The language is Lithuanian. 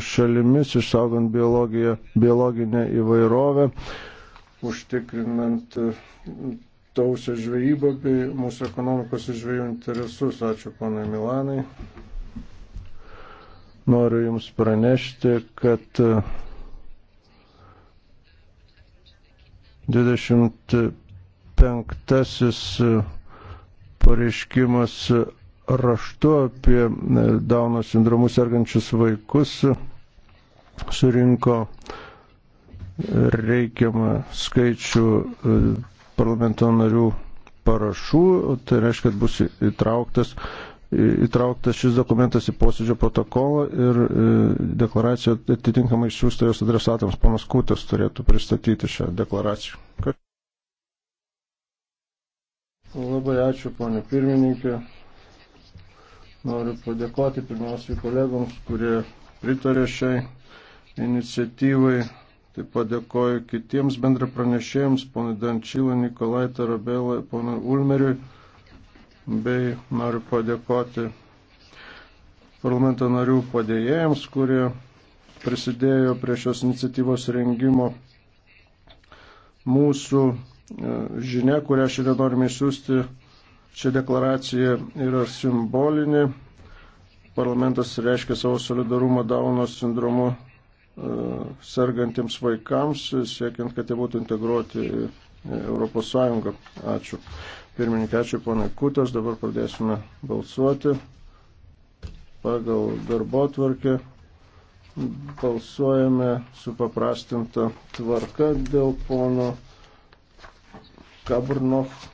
šalimis, išsaugant biologinę įvairovę, užtikrinant uh, tausią žvejybą bei mūsų ekonomikos ir žvejų interesus. Ačiū ponai Milanai. Noriu Jums pranešti, kad 25-asis uh, uh, pareiškimas raštu apie Dauno sindromus sergančius vaikus surinko reikiamą skaičių e, parlamento narių parašų, tai reiškia, kad bus įtrauktas, įtrauktas šis dokumentas į posėdžio protokolą ir e, deklaracija atitinkamai išsiųsta jos adresatams. Panas Kutas turėtų pristatyti šią deklaraciją. Labai ačiū, ponė pirmininkė. Noriu padėkoti pirmiausiai kolegoms, kurie pritarė šiai iniciatyvai. Taip pat dėkoju kitiems bendra pranešėjams, ponai Dančylą, Nikolai Tarabelai, ponai Ulmeriui, bei noriu padėkoti parlamento narių padėjėjams, kurie prisidėjo prie šios iniciatyvos rengimo. Mūsų e, žinia, kurią šiandien norime siūsti, ši deklaracija yra simbolinė. Parlamentas reiškia savo solidarumą Dauno sindromu E, sergantiems vaikams, siekiant, kad jie būtų integruoti į Europos Sąjungą. Ačiū. Pirmininkė, ačiū ponai Kutas, dabar pradėsime balsuoti pagal darbo tvarkę. Balsuojame su paprastinta tvarka dėl pono Kabrnoch